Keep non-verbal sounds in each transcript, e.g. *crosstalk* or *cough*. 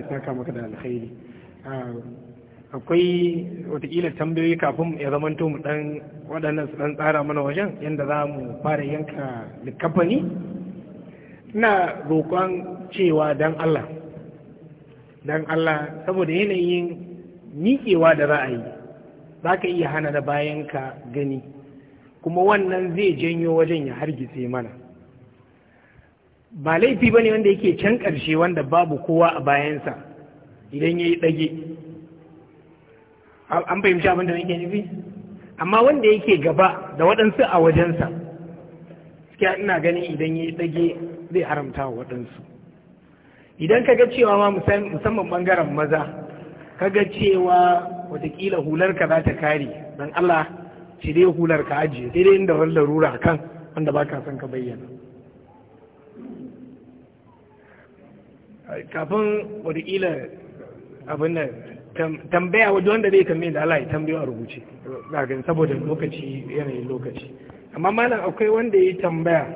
ya saka maka da alkhairi akwai watakila tambayoyi kafin ya zamanto mu dan waɗannan su dan tsara mana wajen yadda za mu fara yanka likafani ina roƙon cewa dan Allah dan Allah saboda yanayin miƙewa da za ra'ayi za ka iya hana da ka gani kuma wannan zai janyo wajen ya hargitse mana ba laifi ba ne wanda yake can ƙarshe wanda babu kowa a bayansa idan ya yi ɗage an fahimci abin da nake nufi amma wanda yake gaba da waɗansu a wajensa suke ina ganin idan ya yi ɗage zai haramta wa waɗansu idan ka ga cewa ma musamman ɓangaren maza ka ga cewa watakila hular ka za ta kare don allah cire hular ka ajiye dai inda wani larura kan wanda ba ka son ka bayyana kafin wadakila abin nan tambaya wajen wanda zai tambaye da Allah ya tambayo a rubuce zagin saboda lokaci yanayin lokaci amma malam akwai wanda ya tambaya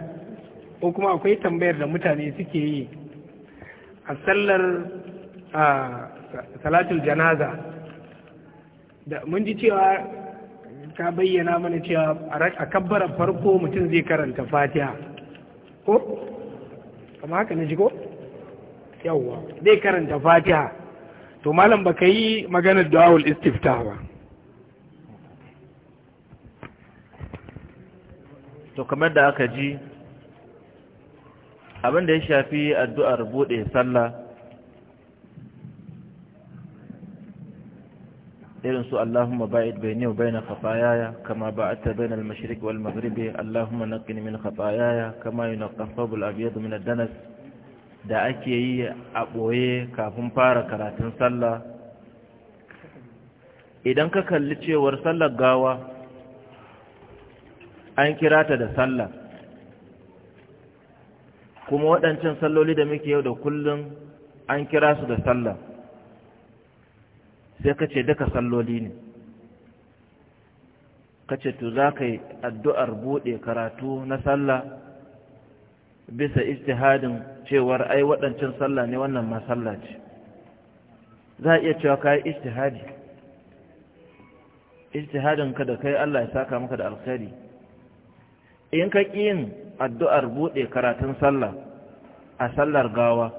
ko kuma akwai tambayar da mutane suke yi a sallar salatul janaza da mun ji cewa ka bayyana mana cewa a kabbarar farko mutum zai karanta fatiha ko? kama haka na ji ko? yawwa zai karanta fatiha to malam baka yi maganar du'awul istifta ba to kamar da aka ji abinda ya shafi addu'ar buɗe sallah irin su Allahumma ba'id bayni wa bayna khataayaya kama ba'adta bayna al-mashriq wal maghrib Allahumma naqqini min khataayaya kama yunqqa thawb al-abyad min ad-danas da ake yi a ɓoye kafin fara karatun sallah idan ka kalli cewar sallar gawa an kira ta da sallah kuma waɗancan salloli da muke yau da kullum an kira su da sallah sai ka ce duka salloli ne ka ce to za ka yi addu'ar buɗe karatu na sallah bisa istihadin cewar ai waɗancan sallah ne wannan ma sallah ce za a iya cewa ka yi istihadi. Istihadin ka da kai Allah ya saka maka da alkhairi in ka ƙi yin addu'ar buɗe karatun sallah a sallar gawa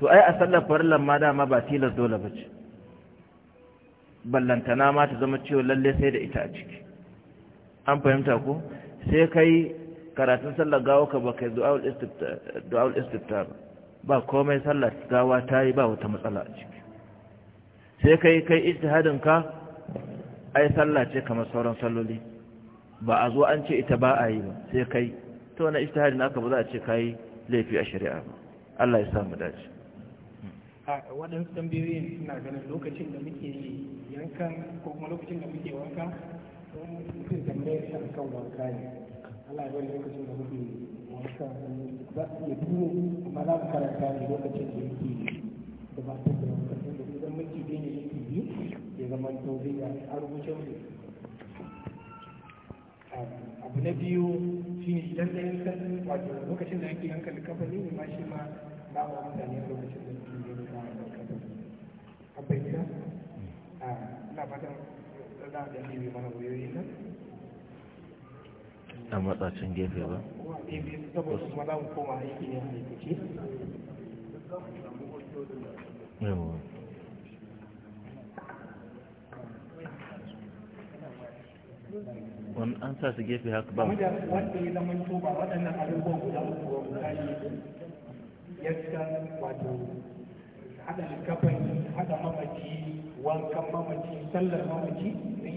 to ai a sallar farillan ma dama ba tilas dole ba ce ballantana ma ta zama cewa lalle sai da ita a ciki an fahimta ko sai kai karatun sallar gawa ka ba kai du'a'ul istifta ba komai sallar gawa ta yi ba wata matsala a ciki sai kai kai ijtihadin ka ai sallar ce kamar sauran salloli ba a zo an ce ita ba a yi ba sai kai ta wani ijtihadin aka ba za a ce kai laifi a shari'a ba Allah ya samu dace waɗansu tambayoyin suna ganin lokacin da muke yankan ko kuma lokacin da muke wanka mutum tambayar shi kan wanka ne Allah ya bari lokacin da muke wanka za su iya tuno amma za mu karanta ne lokacin da yake gabatar da wanka da idan minti ɗaya ne yake biyu ya zama to zai ya a rubuce mu abu na biyu shi ne idan da yankan wato lokacin da yake yankan kafani ne ma shi ma ba mu mutane lokacin da yake yankan kafani an bayyana na ina fatan za a da mana wayoyin nan a matsacin gefe ba yawa wani an sa su gefe haka ba abubuwan guda uku ba wato mamaci wankan mamaci sallar mamaci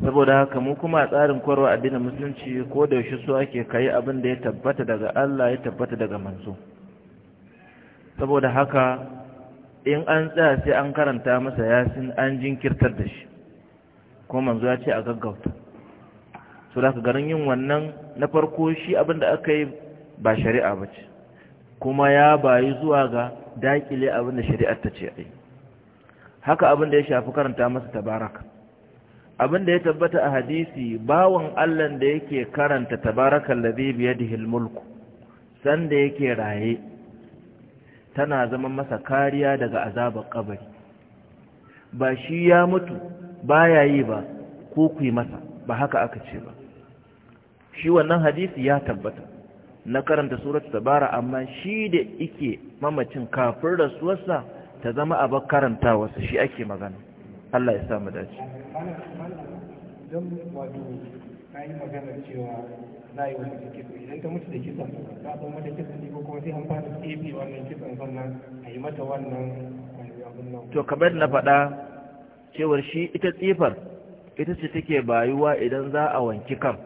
saboda haka mu kuma a tsarin kwarwa addinin musulunci ko da yaushe so ake kai abin da ya tabbata daga Allah ya tabbata daga manzo saboda haka in an tsaya sai an karanta masa yasin an jinkirtar da shi ko manzo ya ce a gaggauta so da garin yin wannan na farko shi abin da aka yi ba shari'a ba ce kuma ya bayi zuwa ga dakile abin da shari'ar ta ce ai haka abin da ya shafi karanta masa tabaraka abin da ya tabbata a hadisi bawan allan da yake karanta tabarakan ya biyadihil mulku sanda yake raye tana zama masa kariya daga azabar kabari ba shi ya mutu ba ya yi ba ko ku masa ba haka aka ce ba shi wannan hadisi ya tabbata na karanta surat tabara amma shi da ike mamacin kafin rasuwarsa ta zama abin wasu, shi ake magana Allah ya mu dace mana don wato na yi magana cewa za yi wani kisa idan ta mutu da kisan za a san mata kisan ne ko kuma sai an fara tsefe wannan kisan sannan a yi mata wannan to kamar na faɗa cewar shi ita tsifar ita ce take bayuwa idan za a wanki kan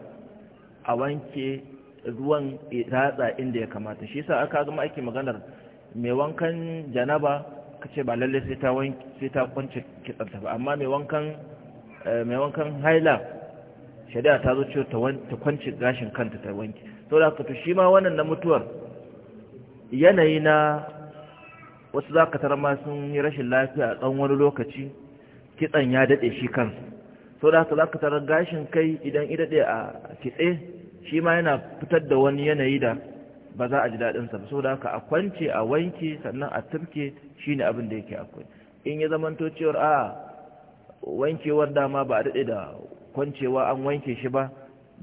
a wanke ruwan ratsa inda ya kamata shi sa aka zama ake maganar mai wankan janaba ka ce ba lalle sai ta kwance kitsanta ba amma mai wankan Eh, mai wankan haila shari'a ta zo ce ta kwanci gashin kanta ta wanki. to da to shi ma wannan na mutuwar yanayi na wasu za ka tara sun yi rashin lafiya a tsawon wani lokaci kitsan ya daɗe shi kansa Sau da za ka tara gashin kai idan ya daɗe a kitse shi ma yana fitar da wani yanayi da ba za a ji daɗinsa ba da haka a kwance a wanke sannan a tafke ne abin da yake akwai in ya zamanto cewar a wankewar dama ba a daɗe da kwancewa an wanke shi ba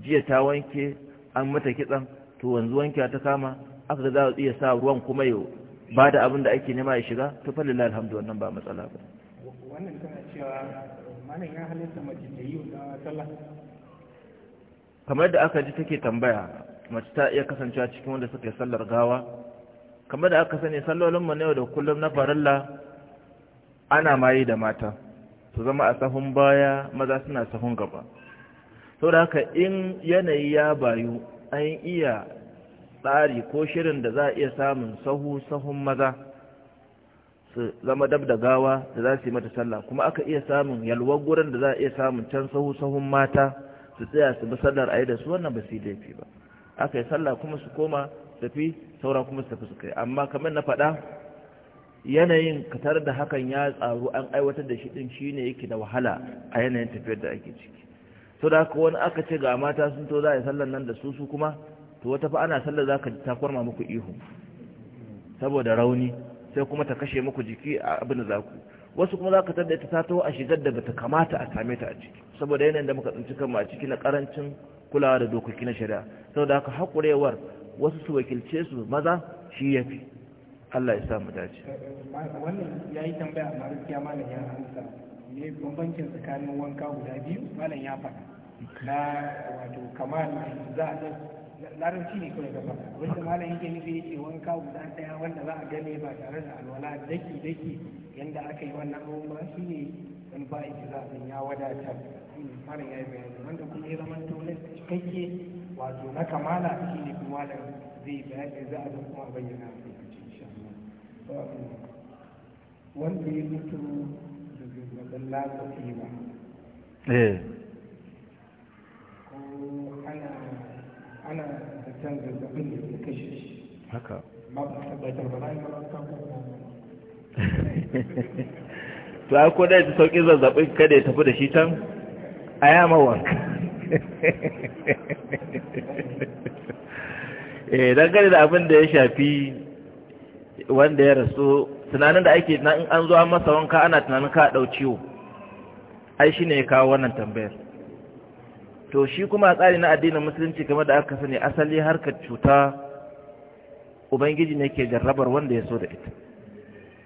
jiya ta wanke an mata kitsan to wanzu wanke ta kama aka za a iya sa ruwan kuma yau ba da abin da ake nema ya shiga to fa lillahi alhamdu wannan ba matsala ba kamar da aka ji take tambaya mace ta iya kasancewa cikin wanda suka yi sallar gawa kamar da aka sani sallolin mu na yau da kullum na farilla ana mayi da mata su zama a sahun baya maza suna sahun gaba sau da haka in yanayi ya bayu an iya tsari ko shirin da za a iya samun sahu sahun maza su zama dab da gawa da za su yi mata sallah kuma aka iya samun yalwar gurin da za a iya samun can sahu sahun mata su tsaya su bi sallar a yi da su wannan ba su yi laifi ba aka yi sallah kuma su koma tafi saura kuma su tafi su kai amma kamar na faɗa yanayin katar da hakan ya tsaru an aiwatar da shi din shine yake da wahala a yanayin tafiyar da ake ciki to da haka wani aka ce ga mata sun to za a yi sallar nan da su su kuma to wata fa ana sallar za ka takwarma muku ihu saboda rauni sai kuma ta kashe muku jiki a abin da za wasu kuma za ka tada ta tato a shigar da bata kamata a same ta a ciki saboda yanayin da muka tsinci kanmu a ciki na karancin kulawa da dokoki na shari'a saboda haka hakurewar wasu su wakilce su maza shi yafi Allah ya samu dace wannan ya yi tambaya a ya malam ya hansa ne bambancin tsakanin wanka guda biyu malam ya faɗa na wato kamar za a larabci ne kawai gaba wanda malam yake nufi yake wanka guda ɗaya wanda za a gane ba tare da alwala daki daki yadda aka yi wannan abubuwa shi ne in ba ita za a ya wadatar malam ya yi bayani wanda kuma ya zama tonin cikakke wato na kamala shi ne kuma malam zai bayani za a zama kuma bayyana wanda ya mutu da zazzabin lasa ba eh. ko ana ana zaton zazzabin da ya kashe shi haka ba ba tabbatar ba na yi marasa to ai ko da ji sauƙin zazzabin kada ya tafi da shi can a yama wanka *laughs* eh dangane da abin da ya shafi wanda ya rasu tunanin da ake in an zo an masa wanka ana tunanin ka dau ciwo ai shi ne ya kawo wannan tambayar to shi kuma a tsari na addinin musulunci game da aka sani asali harkar cuta ubangiji ne ke jarrabar wanda ya so da ita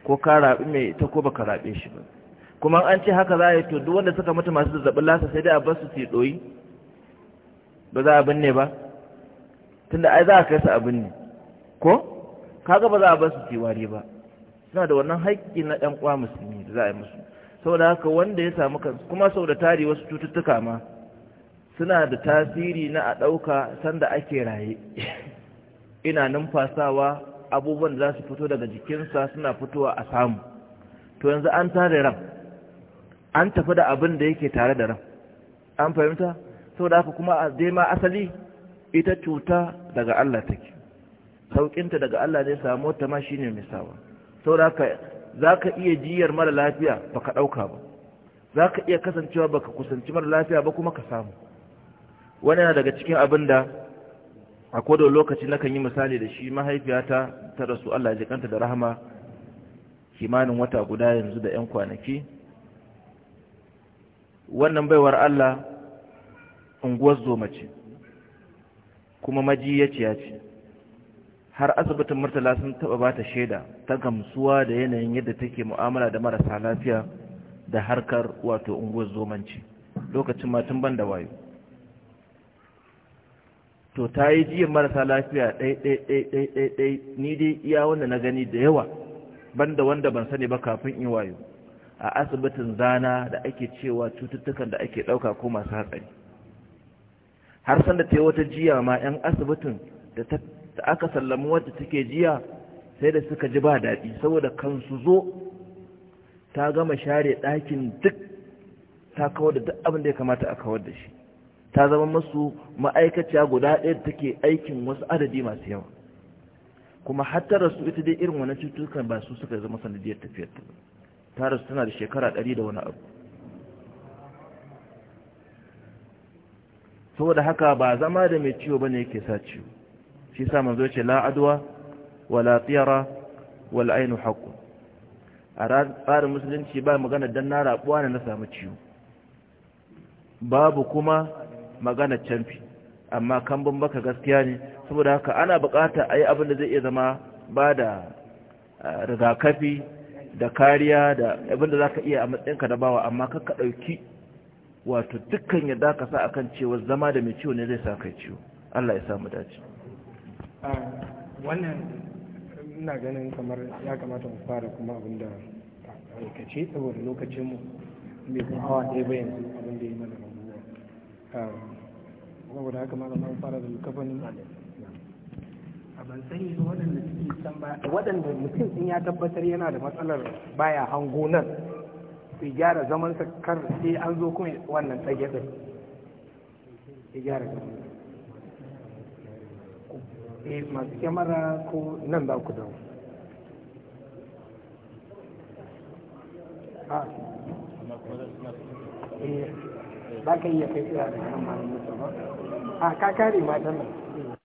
ko ka raɓi mai ita ko baka raɓe shi ba kuma an ce haka za a yi to duk wanda suka mutu masu zazzabin lasa sai dai a basu su ɗoyi ba za a binne ba tunda ai za a kai su a binne ko kaga ba za a basu tiwari ba suna da wannan haƙƙi na ɗan ƙwa musulmi da za a yi musu saboda haka wanda ya samu kansu kuma sau da tari wasu cututtuka ma suna da tasiri na a ɗauka sanda ake raye *laughs* ina numfasawa abubuwan da za su fito daga jikinsa suna fitowa a samu to yanzu an tare ran an tafi da abin da yake tare da ran an fahimta saboda haka kuma a ma asali ita cuta daga Allah take sauƙinta daga Allah ne samu wata ma shine mai sawa saboda za ka iya jiyar mara lafiya ba ka ɗauka ba za ka iya kasancewa ba ka kusanci mara lafiya ba kuma ka samu wani yana daga cikin abin da a kodon lokaci na kan yi misali da shi mahaifiyata ta rasu Allah ya jikanta da rahama kimanin wata guda yanzu da 'yan kwanaki wannan baiwar Allah unguwar zoma ce kuma ya ce har asibitin murtala sun taɓa bata shaida ta gamsuwa da yanayin yadda take mu'amala da marasa lafiya da harkar wato unguwar zomanci lokacin matan ban da wayo to ta yi jiyan marasa lafiya ɗai ni dai iya wanda na gani da yawa banda wanda ban sani ba kafin in wayo a asibitin zana da ake cewa cututtukan da ake ɗauka ko masu hatsari har sanda ta yi wata jiya ma 'yan asibitin da ta da aka sallami wadda take jiya sai da suka ji ba daɗi saboda kansu zo ta gama share ɗakin duk ta kawar da duk abin da ya kamata a kawar da shi ta zama masu ma'aikaciya guda ɗaya da take aikin wasu adadi masu yawa kuma hatta rasu ita dai irin wani cututtukan ba su suka zama sanadiyar tafiyar ta ta rasu tana da shekara ɗari da wani abu saboda haka ba zama da mai ciwo bane yake sa ciwo shi sa manzo ce la adwa wala tiyara wal ainu haqqun a tsarin musulunci ba magana dan na rabuwa ne na samu ciwo babu kuma magana canfi amma kambun baka gaskiya ne saboda haka ana bukata ayi abin da zai iya zama ba da rigakafi da kariya da abin da zaka iya a matsayinka da bawa amma ka dauki wato dukkan yadda ka sa akan cewa zama da mai ciwo ne zai sa kai ciwo Allah ya samu dace wannan ina ganin kamar ya kamata mu fara kuma abin da aikace saboda lokacinmu bai kuma awa ɗaya ba yanzu abin da ya mana rabuwa saboda haka ma zama fara da lukafanin a ban sani ba waɗanda suke san ba waɗanda mutum in ya tabbatar yana da matsalar baya hango nan sai gyara zamansa kar sai an zo kuma wannan tsage ɗin ya gyara zamansa Eh, masu kyamara ko nan ba ku dawo ah. eh, ba ka ya kai tsira da kan malamin ba a ah, kakare matan nan